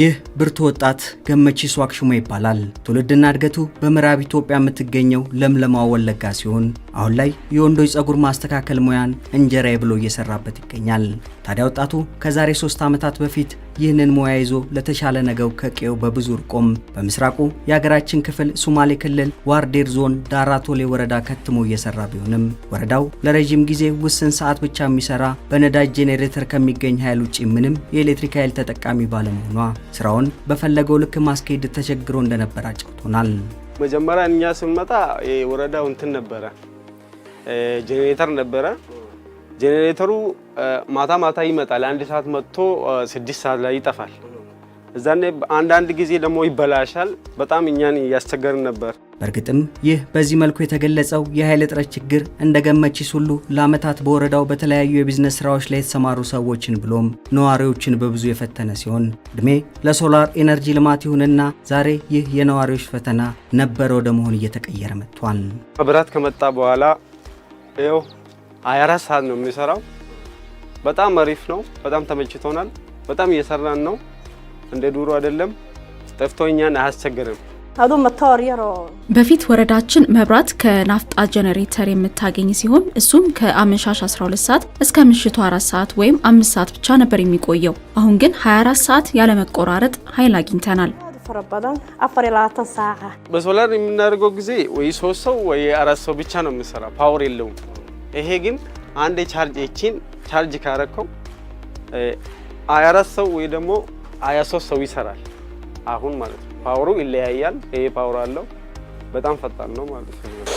ይህ ብርቱ ወጣት ገመቺሶ አክሹማ ይባላል። ትውልድና እድገቱ በምዕራብ ኢትዮጵያ የምትገኘው ለምለማ ወለጋ ሲሆን አሁን ላይ የወንዶች ጸጉር ማስተካከል ሙያን እንጀራዬ ብሎ እየሰራበት ይገኛል። ታዲያ ወጣቱ ከዛሬ ሶስት ዓመታት በፊት ይህንን ሙያ ይዞ ለተሻለ ነገው ከቄው በብዙ ርቆም በምስራቁ የሀገራችን ክፍል ሶማሌ ክልል ዋርዴር ዞን ዳራቶሌ ወረዳ ከትሞ እየሰራ ቢሆንም ወረዳው ለረዥም ጊዜ ውስን ሰዓት ብቻ የሚሰራ በነዳጅ ጄኔሬተር ከሚገኝ ኃይል ውጭ ምንም የኤሌክትሪክ ኃይል ተጠቃሚ ባለመሆኗ ስራውን በፈለገው ልክ ማስኬድ ተቸግሮ እንደነበር አጫውቶናል። መጀመሪያ እኛ ስንመጣ ወረዳው እንትን ነበረ ጄኔሬተር ነበረ ጄኔሬተሩ ማታ ማታ ይመጣል። አንድ ሰዓት መጥቶ ስድስት ሰዓት ላይ ይጠፋል። እዛኔ አንዳንድ ጊዜ ደግሞ ይበላሻል። በጣም እኛን እያስቸገርን ነበር። በእርግጥም ይህ በዚህ መልኩ የተገለጸው የኃይል እጥረት ችግር እንደ ገመቺስ ሁሉ ለዓመታት በወረዳው በተለያዩ የቢዝነስ ስራዎች ላይ የተሰማሩ ሰዎችን ብሎም ነዋሪዎችን በብዙ የፈተነ ሲሆን እድሜ ለሶላር ኤነርጂ ልማት ይሁንና ዛሬ ይህ የነዋሪዎች ፈተና ነበረ ወደ መሆን እየተቀየረ መጥቷል። መብራት ከመጣ በኋላ ይኸው 24 ሰዓት ነው የሚሰራው። በጣም አሪፍ ነው። በጣም ተመችቶናል። በጣም እየሰራን ነው። እንደ ዱሮ አይደለም። ጠፍቶኛን አያስቸግርም። በፊት ወረዳችን መብራት ከናፍጣ ጀኔሬተር የምታገኝ ሲሆን እሱም ከአመሻሽ 12 ሰዓት እስከ ምሽቱ 4 ሰዓት ወይም 5 ሰዓት ብቻ ነበር የሚቆየው። አሁን ግን 24 ሰዓት ያለመቆራረጥ ኃይል አግኝተናል። በሶላር የምናደርገው ጊዜ ወይ ሶስት ሰው ወይ አራት ሰው ብቻ ነው የምሰራ፣ ፓወር የለውም። ይሄ ግን አንድ ቻርጅ እቺን ቻርጅ ካረከው ሀያ ሰው ወይ ደግሞ ሀያ ሰው ይሰራል። አሁን ማለት ነው ፓወሩ ይለያያል። ይሄ ፓወር አለው በጣም ፈጣን ነው ማለት ነው።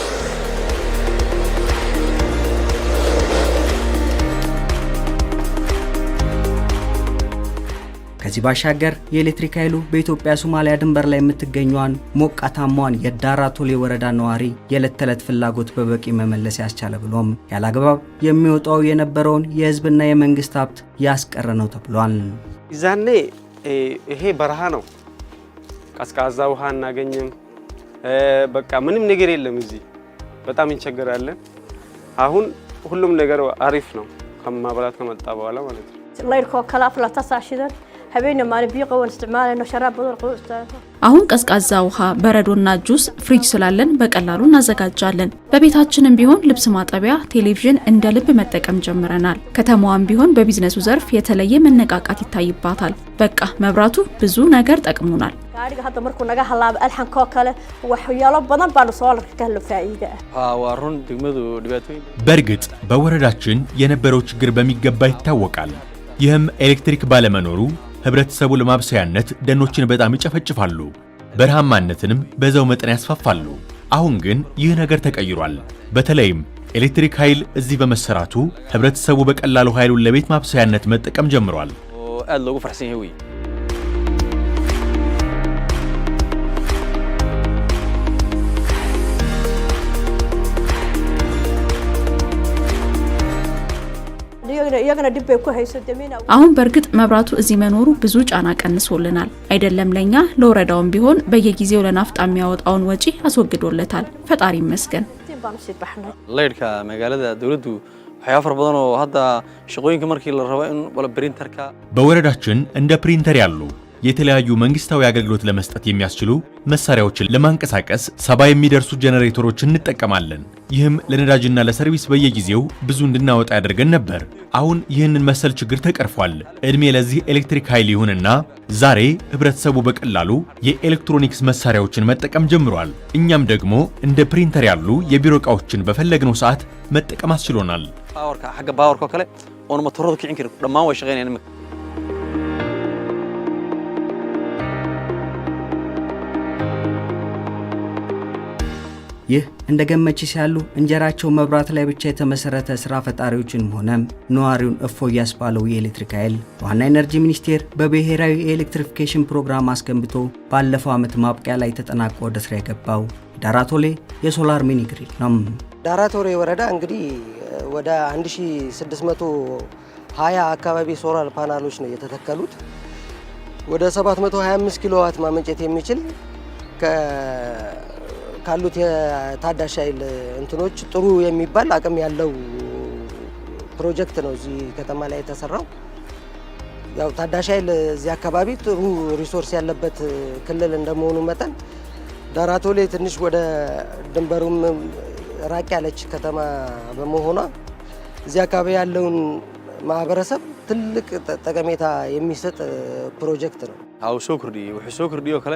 ከዚህ ባሻገር የኤሌክትሪክ ኃይሉ በኢትዮጵያ ሶማሊያ ድንበር ላይ የምትገኘዋን ሞቃታማዋን የዳራ ቶሌ ወረዳ ነዋሪ የዕለት ተዕለት ፍላጎት በበቂ መመለስ ያስቻለ ብሎም ያለአግባብ የሚወጣው የነበረውን የህዝብና የመንግስት ሀብት ያስቀረ ነው ተብሏል። ይዛኔ ይሄ በረሃ ነው። ቀዝቃዛ ውሃ አናገኝም። በቃ ምንም ነገር የለም። እዚህ በጣም እንቸገራለን። አሁን ሁሉም ነገር አሪፍ ነው ከማብራት ከመጣ በኋላ ማለት ነው። አሁን ቀዝቃዛ ውሃ፣ በረዶና ጁስ ፍሪጅ ስላለን በቀላሉ እናዘጋጃለን። በቤታችንም ቢሆን ልብስ ማጠቢያ፣ ቴሌቪዥን እንደ ልብ መጠቀም ጀምረናል። ከተማዋም ቢሆን በቢዝነሱ ዘርፍ የተለየ መነቃቃት ይታይባታል። በቃ መብራቱ ብዙ ነገር ጠቅሞናል። በእርግጥ በወረዳችን የነበረው ችግር በሚገባ ይታወቃል። ይህም ኤሌክትሪክ ባለመኖሩ ህብረተሰቡ ለማብሰያነት ደኖችን በጣም ይጨፈጭፋሉ፣ በረሃማነትንም በዛው መጠን ያስፋፋሉ። አሁን ግን ይህ ነገር ተቀይሯል። በተለይም ኤሌክትሪክ ኃይል እዚህ በመሰራቱ ህብረተሰቡ በቀላሉ ኃይሉን ለቤት ማብሰያነት መጠቀም ጀምሯል። oh, አሁን በእርግጥ መብራቱ እዚህ መኖሩ ብዙ ጫና ቀንሶልናል። አይደለም ለእኛ ለወረዳውም ቢሆን በየጊዜው ለናፍጣ የሚያወጣውን ወጪ አስወግዶለታል። ፈጣሪ ይመስገን። በወረዳችን እንደ ፕሪንተር ያሉ የተለያዩ መንግስታዊ አገልግሎት ለመስጠት የሚያስችሉ መሳሪያዎችን ለማንቀሳቀስ ሰባ የሚደርሱ ጄኔሬተሮች እንጠቀማለን። ይህም ለነዳጅና ለሰርቪስ በየጊዜው ብዙ እንድናወጣ ያደርገን ነበር። አሁን ይህንን መሰል ችግር ተቀርፏል። ዕድሜ ለዚህ ኤሌክትሪክ ኃይል ይሁንና ዛሬ ህብረተሰቡ በቀላሉ የኤሌክትሮኒክስ መሳሪያዎችን መጠቀም ጀምሯል። እኛም ደግሞ እንደ ፕሪንተር ያሉ የቢሮ እቃዎችን በፈለግነው ሰዓት መጠቀም አስችሎናል። ይህ እንደ ገመቺስ ያሉ እንጀራቸው መብራት ላይ ብቻ የተመሰረተ ስራ ፈጣሪዎችንም ሆነ ነዋሪውን እፎ እያስባለው የኤሌክትሪክ ኃይል ዋና ኤነርጂ ሚኒስቴር በብሔራዊ የኤሌክትሪፊኬሽን ፕሮግራም አስገንብቶ ባለፈው ዓመት ማብቂያ ላይ ተጠናቆ ወደ ስራ የገባው ዳራቶሌ የሶላር ሚኒ ግሪድ ነው። ዳራቶሌ ወረዳ እንግዲህ ወደ 1620 አካባቢ ሶላር ፓናሎች ነው የተተከሉት። ወደ 725 ኪሎዋት ማመንጨት የሚችል ካሉት የታዳሽ ኃይል እንትኖች ጥሩ የሚባል አቅም ያለው ፕሮጀክት ነው እዚህ ከተማ ላይ የተሰራው። ያው ታዳሽ ኃይል እዚህ አካባቢ ጥሩ ሪሶርስ ያለበት ክልል እንደመሆኑ መጠን ዳራቶሌ ትንሽ ወደ ድንበሩም ራቅ ያለች ከተማ በመሆኗ እዚህ አካባቢ ያለውን ማህበረሰብ ትልቅ ጠቀሜታ የሚሰጥ ፕሮጀክት ነው። አው ሶክርዲ ኩርዲ ውሑ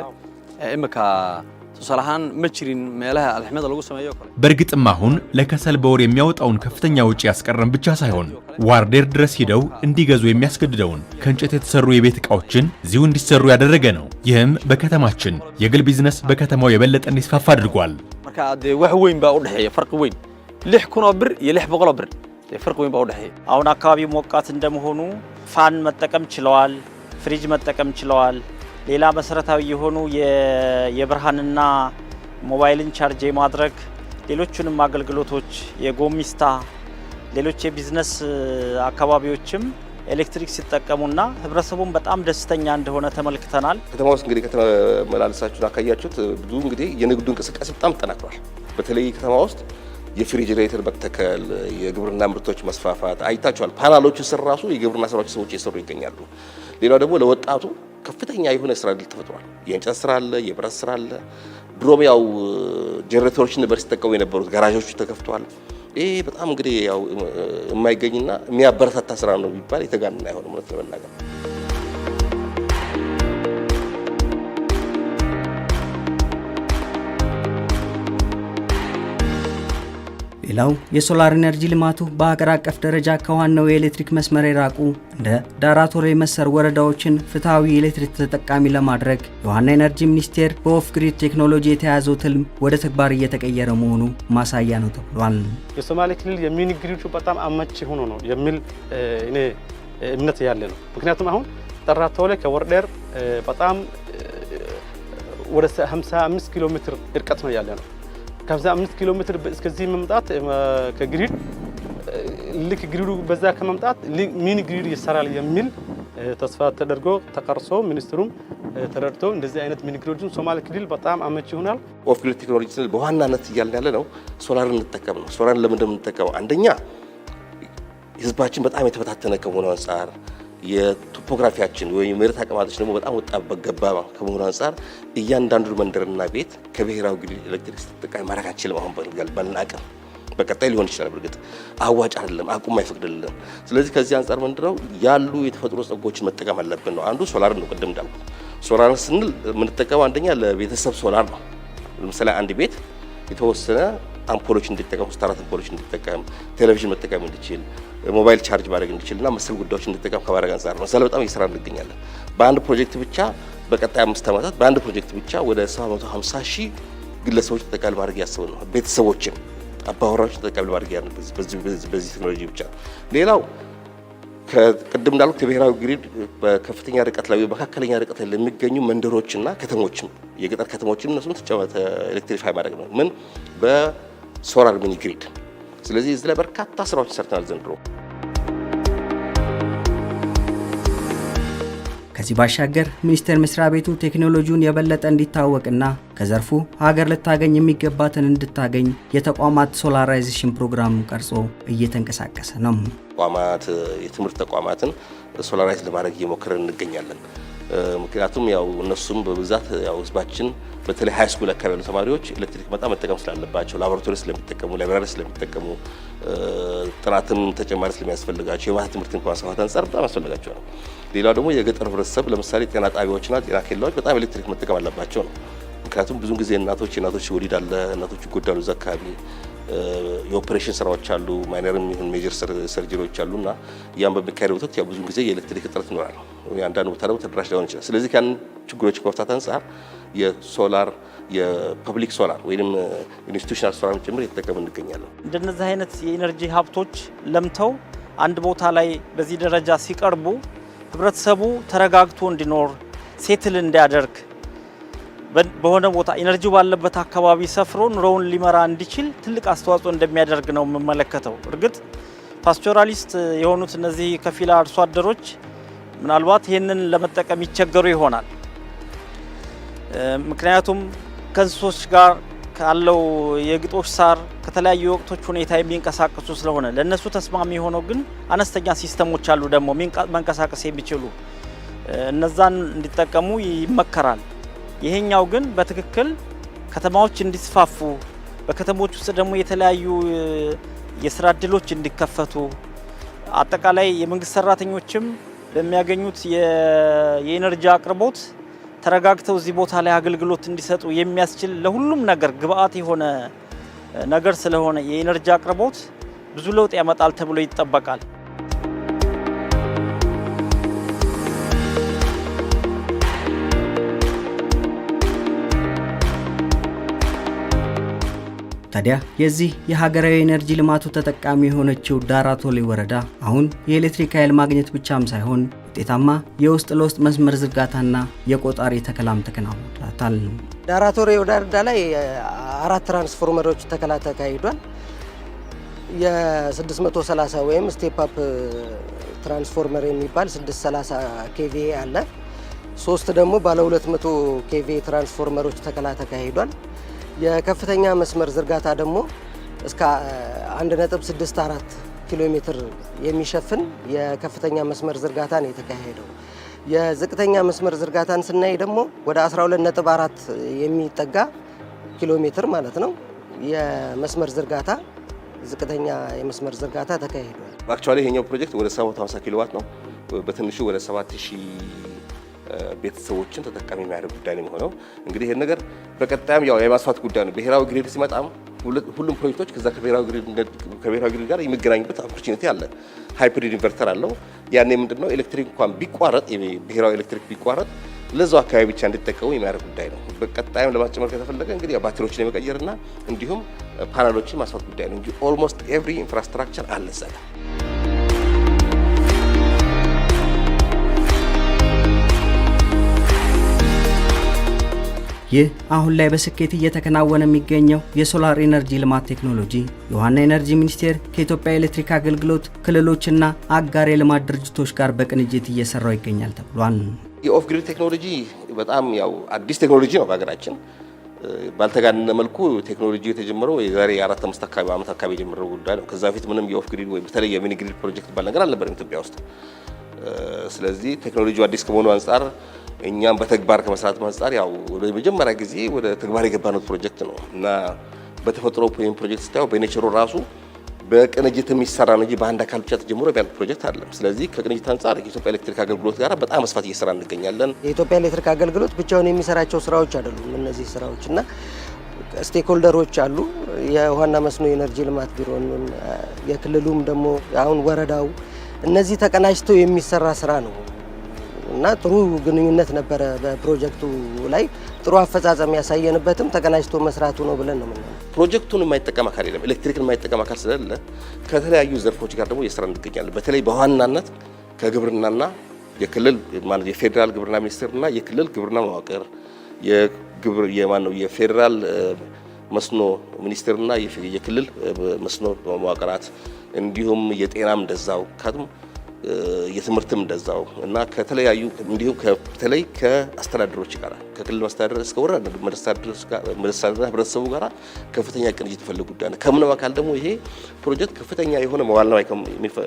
በእርግጥም አሁን ለከሰል በወር የሚያወጣውን ከፍተኛ ወጪ ያስቀረም ብቻ ሳይሆን ዋርዴር ድረስ ሂደው እንዲገዙ የሚያስገድደውን ከእንጨት የተሰሩ የቤት ዕቃዎችን እዚሁ እንዲሰሩ ያደረገ ነው። ይህም በከተማችን የግል ቢዝነስ በከተማው የበለጠ እንዲስፋፋ አድርጓል። አሁን አካባቢ ሞቃት እንደመሆኑ ፋን መጠቀም ችለዋል። ፍሪጅ መጠቀም ችለዋል። ሌላ መሰረታዊ የሆኑ የብርሃንና ሞባይልን ቻርጅ የማድረግ ሌሎቹንም አገልግሎቶች የጎሚስታ ሌሎች የቢዝነስ አካባቢዎችም ኤሌክትሪክ ሲጠቀሙና ህብረተሰቡን በጣም ደስተኛ እንደሆነ ተመልክተናል። ከተማ ውስጥ እንግዲህ ከተመላለሳችሁ አካያችሁት ብዙ እንግዲህ የንግዱ እንቅስቃሴ በጣም ጠናክሯል። በተለይ ከተማ ውስጥ የፍሪጅሬተር መተከል፣ የግብርና ምርቶች መስፋፋት አይታችኋል። ፓናሎቹ ስራሱ የግብርና ስራዎች ሰዎች እየሰሩ ይገኛሉ። ሌላው ደግሞ ለወጣቱ ከፍተኛ የሆነ ስራ ዕድል ተፈጥሯል። የእንጨት ስራ አለ፣ የብረት ስራ አለ። ድሮም ያው ጀነሬተሮች ነበር ሲጠቀሙ የነበሩት፣ ጋራዦቹ ተከፍተዋል። ይሄ በጣም እንግዲህ ያው የማይገኝና የሚያበረታታ ስራ ነው ቢባል የተጋነነ አይሆንም እውነት ለመናገር ሌላው የሶላር ኢነርጂ ልማቱ በሀገር አቀፍ ደረጃ ከዋናው የኤሌክትሪክ መስመር የራቁ እንደ ዳራቶር የመሰር ወረዳዎችን ፍትሐዊ የኤሌክትሪክ ተጠቃሚ ለማድረግ የውሃና ኢነርጂ ሚኒስቴር በኦፍ ግሪድ ቴክኖሎጂ የተያዘው ትልም ወደ ተግባር እየተቀየረ መሆኑ ማሳያ ነው ተብሏል። የሶማሌ ክልል የሚኒ ግሪዱ በጣም አመቺ ሆኖ ነው የሚል እኔ እምነት ያለ ነው። ምክንያቱም አሁን ጠራቶሬ ከወርደር በጣም ወደ 55 ኪሎ ሜትር እርቀት ነው ያለ ነው። ከዛ አምስት ኪሎ ሜትር እስከዚህ መምጣት ከግሪድ ልክ ግሪዱ በዛ ከመምጣት ሚኒ ግሪድ ይሰራል የሚል ተስፋ ተደርጎ ተቀርሶ ሚኒስትሩም ተረድቶ እንደዚህ አይነት ሚኒ ግሪዶችን ሶማሌ ክልል በጣም አመች ይሆናል። ኦፍ ግሪድ ቴክኖሎጂ ስንል በዋናነት እያልን ያለ ነው ሶላር እንጠቀም ነው። ሶላር ለምንድን የምንጠቀመው አንደኛ ህዝባችን በጣም የተበታተነ ከመሆኑ አንጻር የቶፖግራፊያችን ወይም መሬት አቀማመጣችን ደግሞ በጣም ወጣ ገባ ከመሆኑ አንጻር እያንዳንዱ መንደርና ቤት ከብሔራዊ ግድ ኤሌክትሪክ ተጠቃሚ ማድረግ አችልም። አሁን ባለን አቅም በቀጣይ ሊሆን ይችላል። በእርግጥ አዋጭ አይደለም፣ አቁም አይፈቅድልንም። ስለዚህ ከዚህ አንጻር ምንድነው ያሉ የተፈጥሮ ጸጎችን መጠቀም አለብን ነው። አንዱ ሶላር ነው። ቅድም እንዳልኩ ሶላር ስንል የምንጠቀመው አንደኛ ለቤተሰብ ሶላር ነው። ለምሳሌ አንድ ቤት የተወሰነ አምፖሎች እንድጠቀም ስታራት አምፖሎች እንድጠቀም ቴሌቪዥን መጠቀም እንድችል ሞባይል ቻርጅ ማድረግ እንዲችል እና መሰል ጉዳዮች እንድጠቀም ከማድረግ አንጻር ነው። ስለዚህ በጣም እየሰራ እንገኛለን። በአንድ ፕሮጀክት ብቻ በቀጣይ አምስት ዓመታት በአንድ ፕሮጀክት ብቻ ወደ 750 ሺህ ግለሰቦች ተጠቃሚ ማድረግ ያሰብን ነው። ቤተሰቦችን፣ አባወራዎች ተጠቃሚ ማድረግ ያ በዚህ ቴክኖሎጂ ብቻ። ሌላው ቅድም እንዳልኩት የብሔራዊ ግሪድ በከፍተኛ ርቀት ላይ መካከለኛ ርቀት ላይ ለሚገኙ መንደሮችና ከተሞችም የገጠር ከተሞችም እነሱም ኤሌክትሪፋይ ማድረግ ነው ምን ሶላር ሚኒግሪድ። ስለዚህ እዚህ ላይ በርካታ ስራዎች ሰርተናል ዘንድሮ። ከዚህ ባሻገር ሚኒስቴር መስሪያ ቤቱ ቴክኖሎጂውን የበለጠ እንዲታወቅና ከዘርፉ ሀገር ልታገኝ የሚገባትን እንድታገኝ የተቋማት ሶላራይዜሽን ፕሮግራም ቀርጾ እየተንቀሳቀሰ ነው። ተቋማት የትምህርት ተቋማትን ሶላራይዝ ለማድረግ እየሞከረ እንገኛለን። ምክንያቱም ያው እነሱም በብዛት ያው ህዝባችን በተለይ ሀይ ስኩል አካባቢ ያሉ ተማሪዎች ኤሌክትሪክ በጣም መጠቀም ስላለባቸው ላቦራቶሪ ስለሚጠቀሙ ላይብራሪ ስለሚጠቀሙ ጥናትም ተጨማሪ ስለሚያስፈልጋቸው ትምህርት እንኳ ሰፋት አንጻር በጣም ያስፈልጋቸው ነው። ሌላው ደግሞ የገጠር ህብረተሰብ ለምሳሌ ጤና ጣቢያዎችና ጤና ኬላዎች በጣም ኤሌክትሪክ መጠቀም አለባቸው ነው። ምክንያቱም ብዙ ጊዜ እናቶች እናቶች ወሊድ አለ፣ እናቶች ይጎዳሉ። እዛ አካባቢ የኦፕሬሽን ስራዎች አሉ፣ ማይነርም ይሁን ሜጀር ሰርጀሪዎች አሉ እና ያን በሚካሄድ ወቅት ብዙ ጊዜ የኤሌክትሪክ እጥረት ይኖራል። አንዳንድ ቦታ ደግሞ ተደራሽ ላይሆን ይችላል። ስለዚህ ያን ችግሮች ከመፍታት አንጻር የሶላር የፐብሊክ ሶላር ወይም ኢንስቲቱሽናል ሶላር ጭምር እየተጠቀምን እንገኛለን። እንደነዚህ አይነት የኢነርጂ ሀብቶች ለምተው አንድ ቦታ ላይ በዚህ ደረጃ ሲቀርቡ ህብረተሰቡ ተረጋግቶ እንዲኖር ሴትል እንዲያደርግ በሆነ ቦታ ኤነርጂ ባለበት አካባቢ ሰፍሮ ኑሮውን ሊመራ እንዲችል ትልቅ አስተዋጽኦ እንደሚያደርግ ነው የምመለከተው። እርግጥ ፓስቶራሊስት የሆኑት እነዚህ ከፊል አርሶ አደሮች ምናልባት ይህንን ለመጠቀም ይቸገሩ ይሆናል። ምክንያቱም ከእንስሶች ጋር ካለው የግጦሽ ሳር ከተለያዩ ወቅቶች ሁኔታ የሚንቀሳቀሱ ስለሆነ ለእነሱ ተስማሚ የሆነው ግን አነስተኛ ሲስተሞች አሉ ደግሞ መንቀሳቀስ የሚችሉ እነዛን እንዲጠቀሙ ይመከራል። ይሄኛው ግን በትክክል ከተማዎች እንዲስፋፉ በከተሞች ውስጥ ደግሞ የተለያዩ የስራ እድሎች እንዲከፈቱ አጠቃላይ የመንግስት ሰራተኞችም በሚያገኙት የኤነርጂ አቅርቦት ተረጋግተው እዚህ ቦታ ላይ አገልግሎት እንዲሰጡ የሚያስችል ለሁሉም ነገር ግብአት የሆነ ነገር ስለሆነ የኤነርጂ አቅርቦት ብዙ ለውጥ ያመጣል ተብሎ ይጠበቃል። ታዲያ የዚህ የሀገራዊ ኤነርጂ ልማቱ ተጠቃሚ የሆነችው ዳራ ቶሌ ወረዳ አሁን የኤሌክትሪክ ኃይል ማግኘት ብቻም ሳይሆን ውጤታማ የውስጥ ለውስጥ መስመር ዝርጋታና የቆጣሪ ተከላም ተከናውኗል። አራት ወር ወዳርዳ ላይ አራት ትራንስፎርመሮች ተከላ ተካሂዷል። የ630 ወይም ስቴፕ አፕ ትራንስፎርመር የሚባል 630 ኬቪኤ አለ። ሶስት ደግሞ ባለ 200 ኬቪኤ ትራንስፎርመሮች ተከላ ተካሂዷል። የከፍተኛ መስመር ዝርጋታ ደግሞ እስከ 1.64 ኪሎ ሜትር የሚሸፍን የከፍተኛ መስመር ዝርጋታ ነው የተካሄደው። የዝቅተኛ መስመር ዝርጋታን ስናይ ደግሞ ወደ 12.4 የሚጠጋ ኪሎ ሜትር ማለት ነው የመስመር ዝርጋታ ዝቅተኛ የመስመር ዝርጋታ ተካሂዷል። አክቹዋሊ ይሄኛው ፕሮጀክት ወደ 750 ኪሎ ዋት ነው። በትንሹ ወደ 7000 ቤተሰቦችን ተጠቃሚ የሚያደርግ ጉዳይ ነው የሚሆነው። እንግዲህ ይሄን ነገር በቀጣይም ያው የማስፋት ጉዳይ ነው። ብሔራዊ ግሪድ ሲመጣም ሁሉም ፕሮጀክቶች ከዛ ከብሔራዊ ግሪድ ጋር የሚገናኙበት ኦፖርቹኒቲ አለ። ሃይብሪድ ኢንቨርተር አለው። ያኔ ምንድነው ኤሌክትሪክ እንኳን ቢቋረጥ ብሔራዊ ኤሌክትሪክ ቢቋረጥ ለዛው አካባቢ ብቻ እንዲጠቀሙ የሚያደርግ ጉዳይ ነው። በቀጣይም ለማስጨመር ከተፈለገ እንግዲህ ባትሪዎችን የመቀየርና እንዲሁም ፓናሎችን ማስፋት ጉዳይ ነው እንጂ ኦልሞስት ኤቭሪ ኢንፍራስትራክቸር አለ እዛ ጋር ይህ አሁን ላይ በስኬት እየተከናወነ የሚገኘው የሶላር ኢነርጂ ልማት ቴክኖሎጂ የውሃና ኢነርጂ ሚኒስቴር ከኢትዮጵያ ኤሌክትሪክ አገልግሎት ክልሎችና አጋር የልማት ድርጅቶች ጋር በቅንጅት እየሰራው ይገኛል ተብሏል። የኦፍ ግሪድ ቴክኖሎጂ በጣም ያው አዲስ ቴክኖሎጂ ነው። በሀገራችን ባልተጋነነ መልኩ ቴክኖሎጂ የተጀመረው የዛሬ የአራት አምስት አካባቢ ዓመት አካባቢ የጀመረው ጉዳይ ነው። ከዛ በፊት ምንም የኦፍ ግሪድ ወይም በተለይ የሚኒ ግሪድ ፕሮጀክት ባል ነገር አልነበረም ኢትዮጵያ ውስጥ። ስለዚህ ቴክኖሎጂው አዲስ ከመሆኑ አንጻር እኛም በተግባር ከመስራት አንጻር ያው ወደ መጀመሪያ ጊዜ ወደ ተግባር የገባነው ፕሮጀክት ነው እና በተፈጥሮ ወይም ፕሮጀክት ስታየው በኔቸሩ ራሱ በቅንጅት የሚሰራ ነው እንጂ በአንድ አካል ብቻ ተጀምሮ ያለ ፕሮጀክት አለ። ስለዚህ ከቅንጅት አንጻር የኢትዮጵያ ኤሌክትሪክ አገልግሎት ጋር በጣም መስፋት እየሰራ እንገኛለን። የኢትዮጵያ ኤሌክትሪክ አገልግሎት ብቻውን የሚሰራቸው ስራዎች አይደሉም እነዚህ ስራዎች እና ስቴክሆልደሮች አሉ። የውሃና መስኖ ኤነርጂ ልማት ቢሮን፣ የክልሉም ደግሞ አሁን ወረዳው፣ እነዚህ ተቀናጅተው የሚሰራ ስራ ነው። እና ጥሩ ግንኙነት ነበረ። በፕሮጀክቱ ላይ ጥሩ አፈጻጸም ያሳየንበትም ተቀናጅቶ መስራቱ ነው ብለን ነው ምናምን። ፕሮጀክቱን የማይጠቀም አካል የለም። ኤሌክትሪክን የማይጠቀም አካል ስለሌለ ከተለያዩ ዘርፎች ጋር ደግሞ የስራ እንገኛለን። በተለይ በዋናነት ከግብርናና የክልል ማለት የፌዴራል ግብርና ሚኒስቴርና የክልል ግብርና መዋቅር የግብር የማነው የፌዴራል መስኖ ሚኒስቴርና የክልል መስኖ መዋቅራት እንዲሁም የጤናም እንደዛው ካቱም የትምህርትም እንደዛው እና ከተለያዩ እንዲሁም በተለይ ከአስተዳደሮች ጋር ከክልል አስተዳደር እስከ ወረዳ መስተዳደር ህብረተሰቡ ጋር ከፍተኛ ቅንጅት የሚፈልግ ጉዳይ ነው። ከምንም አካል ደግሞ ይሄ ፕሮጀክት ከፍተኛ የሆነ መዋለ ንዋይ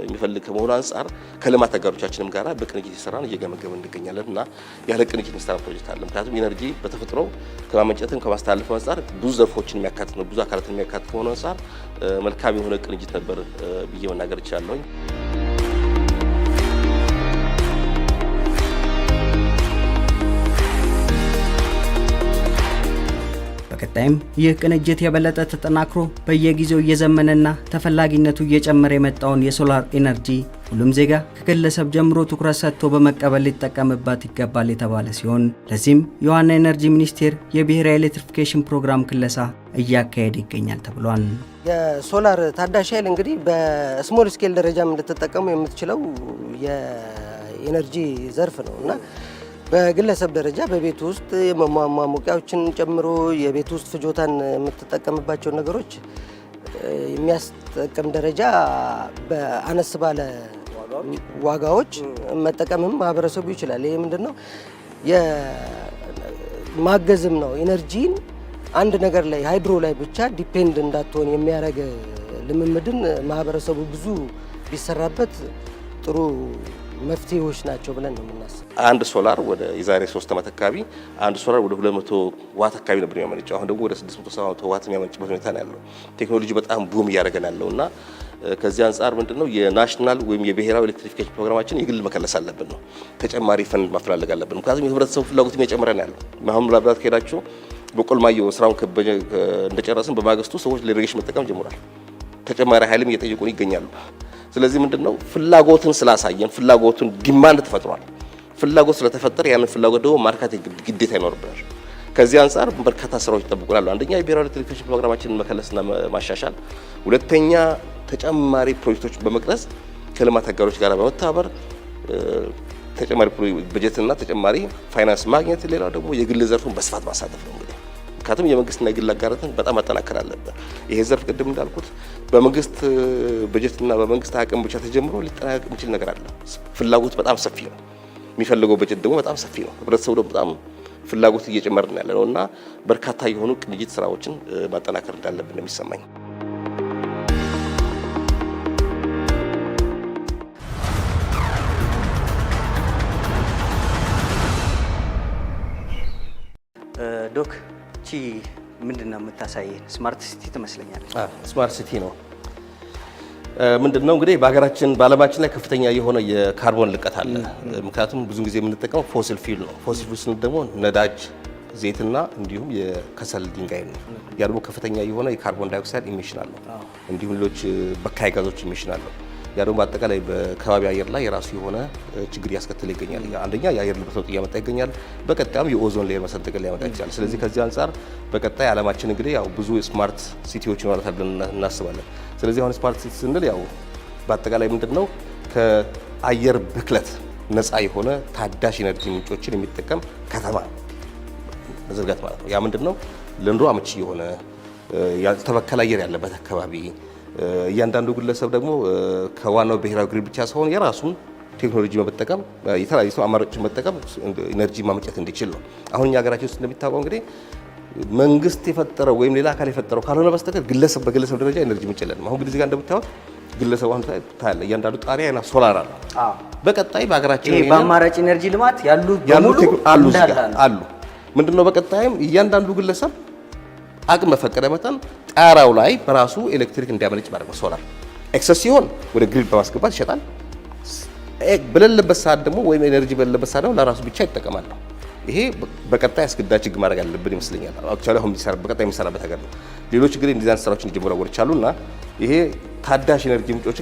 የሚፈልግ ከመሆኑ አንጻር ከልማት አጋሮቻችንም ጋር በቅንጅት የሰራን እየገመገመ እንገኛለን እና ያለ ቅንጅት የሚሰራ ፕሮጀክት አለ። ምክንያቱም ኢነርጂ በተፈጥሮ ከማመንጨትም ከማስተላለፍ አንጻር ብዙ ዘርፎችን የሚያካት ነው፣ ብዙ አካላትን የሚያካት ከመሆኑ አንጻር መልካም የሆነ ቅንጅት ነበር ብዬ መናገር እችላለሁኝ። በቀጣይም ይህ ቅንጅት የበለጠ ተጠናክሮ በየጊዜው እየዘመነና ተፈላጊነቱ እየጨመረ የመጣውን የሶላር ኢነርጂ ሁሉም ዜጋ ከግለሰብ ጀምሮ ትኩረት ሰጥቶ በመቀበል ሊጠቀምባት ይገባል የተባለ ሲሆን ለዚህም የዋና ኤነርጂ ሚኒስቴር የብሔራዊ ኤሌክትሪፊኬሽን ፕሮግራም ክለሳ እያካሄደ ይገኛል ተብሏል። የሶላር ታዳሽ ኃይል እንግዲህ በስሞል ስኬል ደረጃም ልትጠቀሙ የምትችለው የኤነርጂ ዘርፍ ነው እና በግለሰብ ደረጃ በቤት ውስጥ ማሞቂያዎችን ጨምሮ የቤት ውስጥ ፍጆታን የምትጠቀምባቸው ነገሮች የሚያስጠቅም ደረጃ በአነስ ባለ ዋጋዎች መጠቀምም ማህበረሰቡ ይችላል። ይህ ምንድን ነው? ማገዝም ነው። ኢነርጂን አንድ ነገር ላይ ሃይድሮ ላይ ብቻ ዲፔንድ እንዳትሆን የሚያደርግ ልምምድን ማህበረሰቡ ብዙ ቢሰራበት ጥሩ መፍትሄዎች ናቸው ብለን ነው የምናስብ። አንድ ሶላር ወደ የዛሬ ሶስት ዓመት አካባቢ አንድ ሶላር ወደ 200 ዋት አካባቢ ነበር የሚያመነጨው። አሁን ደግሞ ወደ 670 ዋት የሚያመነጭበት ሁኔታ ነው ያለው። ቴክኖሎጂ በጣም ቡም ነው ያለው እና ከዚህ አንጻር ምንድን ነው የናሽናል ወይም የብሔራዊ ኤሌክትሪፊኬሽን ፕሮግራማችን የግል መከለስ አለብን ነው ተጨማሪ ፈንድ ማፈላለግ አለብን። ምክንያቱም የህብረተሰቡ ፍላጎት እየጨመረ ነው ያለው። አሁን ላብላት ከሄዳችሁ በቆልማየሁ ስራውን እንደጨረስን በማግስቱ ሰዎች ለኢሪጌሽን መጠቀም ጀምሯል። ተጨማሪ ኃይልም እየጠየቁን ይገኛሉ። ስለዚህ ምንድን ነው ፍላጎትን ስላሳየን ፍላጎቱን ዲማንድ ተፈጥሯል። ፍላጎት ስለተፈጠረ ያንን ፍላጎት ደግሞ ማርካት ግዴታ ይኖርብናል። ከዚህ አንጻር በርካታ ስራዎች ይጠብቁናሉ። አንደኛ የብሔራዊ ኤሌክትሪፊኬሽን ፕሮግራማችንን መከለስና ማሻሻል፣ ሁለተኛ ተጨማሪ ፕሮጀክቶች በመቅረጽ ከልማት አጋሮች ጋር በመተባበር ተጨማሪ በጀትና ተጨማሪ ፋይናንስ ማግኘት፣ ሌላው ደግሞ የግል ዘርፉን በስፋት ማሳተፍ ነው። እንግዲህ ምክንያቱም የመንግስትና የግል አጋርነትን በጣም አጠናከር አለብን። ይሄ ዘርፍ ቅድም እንዳልኩት በመንግስት በጀትና በመንግስት አቅም ብቻ ተጀምሮ ሊጠናቀቅ የሚችል ነገር አለ። ፍላጎት በጣም ሰፊ ነው። የሚፈልገው በጀት ደግሞ በጣም ሰፊ ነው። ህብረተሰቡ ደግሞ በጣም ፍላጎት እየጨመርን ያለ ነው እና በርካታ የሆኑ ቅንጅት ስራዎችን ማጠናከር እንዳለብን ነው የሚሰማኝ። ዶክ ቺ ምንድን ነው የምታሳየን? ስማርት ሲቲ ትመስለኛለች። ስማርት ሲቲ ነው ምንድን ነው እንግዲህ በሀገራችን በዓለማችን ላይ ከፍተኛ የሆነ የካርቦን ልቀት አለ። ምክንያቱም ብዙ ጊዜ የምንጠቀመው ፎሲል ፊል ነው። ፎሲል ፊል ስንል ደግሞ ነዳጅ፣ ዘይትና እንዲሁም የከሰል ድንጋይ ነው። ያ ደግሞ ከፍተኛ የሆነ የካርቦን ዳይኦክሳይድ ኢሚሽን አለው፣ እንዲሁም ሌሎች በካይ ጋዞች ኢሚሽን አለው። ያ ደግሞ በአጠቃላይ በከባቢ አየር ላይ የራሱ የሆነ ችግር እያስከተለ ይገኛል። አንደኛ የአየር ንብረት ለውጥ እያመጣ ይገኛል። በቀጣይም የኦዞን ሌየር መሰንጠቅን ሊያመጣ ይችላል። ስለዚህ ከዚህ አንጻር በቀጣይ አለማችን እንግዲህ ያው ብዙ ስማርት ሲቲዎች ይኖራታል ብለን እናስባለን። ስለዚህ አሁን ስማርት ሲቲ ስንል ያው በአጠቃላይ ምንድን ነው ከአየር ብክለት ነፃ የሆነ ታዳሽ ኢነርጂ ምንጮችን የሚጠቀም ከተማ መዘርጋት ማለት ነው። ያ ምንድን ነው ለኑሮ አመቺ የሆነ ያልተበከለ አየር ያለበት አካባቢ እያንዳንዱ ግለሰብ ደግሞ ከዋናው ብሔራዊ ግሪድ ብቻ ሳይሆን የራሱን ቴክኖሎጂ በመጠቀም የተለያዩ ሰው አማራጮችን መጠቀም ኢነርጂ ማመንጨት እንዲችል ነው። አሁን እኛ ሀገራችን ውስጥ እንደሚታወቀው እንግዲህ መንግስት የፈጠረው ወይም ሌላ አካል የፈጠረው ካልሆነ በስተቀር ግለሰብ በግለሰብ ደረጃ ኢነርጂ ምንጭ የለንም። አሁን ግን እዚህ ጋር እንደምታዩት ግለሰብ አሁን ታያለ እያንዳንዱ ጣሪያ እና ሶላር አለ። በቀጣይ በሀገራችን በአማራጭ ኢነርጂ ልማት ያሉ በሙሉ አሉ አሉ ምንድነው በቀጣይም እያንዳንዱ ግለሰብ አቅም በፈቀደ መጠን ጣራው ላይ በራሱ ኤሌክትሪክ እንዲያመነጭ ማድረግ ሶላር ኤክሰስ ሲሆን ወደ ግሪድ በማስገባት ይሸጣል። በሌለበት ሰዓት ደግሞ ወይም ኤነርጂ በሌለበት ሰዓት ደግሞ ለራሱ ብቻ ይጠቀማል። ይሄ በቀጣይ አስገዳጅ ህግ ማድረግ አለብን ይመስለኛል። አክቹዋሊ አሁን በቀጣይ የሚሰራበት ሀገር ነው። ሌሎች ግሪን ዲዛይን ስራዎች እንዲጀምሩ ይቻሉ እና ይሄ ታዳሽ ኤነርጂ ምንጮች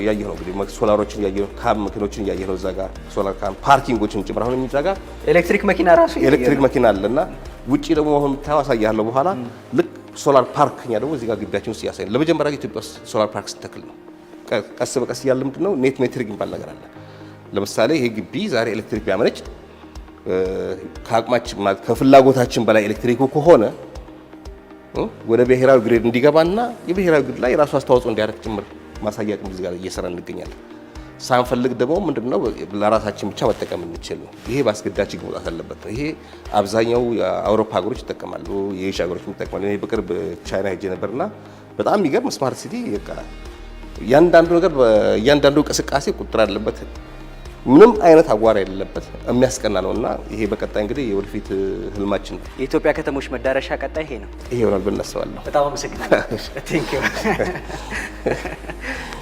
እያየህ ነው እንግዲህ ሶላሮችን እያየ ነው፣ ካም መኪኖችን እያየ ነው። እዛ ጋር ሶላር ካም ፓርኪንጎችን ጭምር አሁን የሚዛ ኤሌክትሪክ መኪና ራሱ ኤሌክትሪክ መኪና አለ እና ውጪ ደግሞ አሁን ታዋሳያለሁ በኋላ ልክ ሶላር ፓርክ እኛ ደግሞ እዚህ ጋር ግቢያችን ውስጥ እያሳየን ለመጀመሪያ ጊዜ ኢትዮጵያ ውስጥ ሶላር ፓርክ ስትተክል ነው። ቀስ በቀስ እያለ ምንድን ነው ኔት ሜትሪክ የሚባል ነገር አለ። ለምሳሌ ይሄ ግቢ ዛሬ ኤሌክትሪክ ቢያመነጭ ከአቅማችን ማለት ከፍላጎታችን በላይ ኤሌክትሪኩ ከሆነ ወደ ብሔራዊ ግሪድ እንዲገባና የብሔራዊ ግሪድ ላይ የራሱ አስተዋጽኦ እንዲያደርግ ጭምር ማሳያ ጭምር እዚህ ጋር እየሰራ እንገኛለን። ሳንፈልግ ደግሞ ምንድነው ለራሳችን ብቻ መጠቀም የምንችል ነው። ይሄ በአስገዳጅ ሕግ መውጣት አለበት። ይሄ አብዛኛው የአውሮፓ ሀገሮች ይጠቀማሉ፣ የኤሽያ ሀገሮች ይጠቀማሉ። እኔ በቅርብ ቻይና ሄጄ ነበርና በጣም የሚገርም ስማርት ሲቲ እያንዳንዱ ነገር እያንዳንዱ እንቅስቃሴ ቁጥር አለበት፣ ምንም አይነት አጓር የሌለበት የሚያስቀና ነው እና ይሄ በቀጣይ እንግዲህ የወደፊት ህልማችን ነው። የኢትዮጵያ ከተሞች መዳረሻ ቀጣይ ይሄ ነው። ይሄ ይሆናል ብናስባለሁ። በጣም አመሰግናለሁ።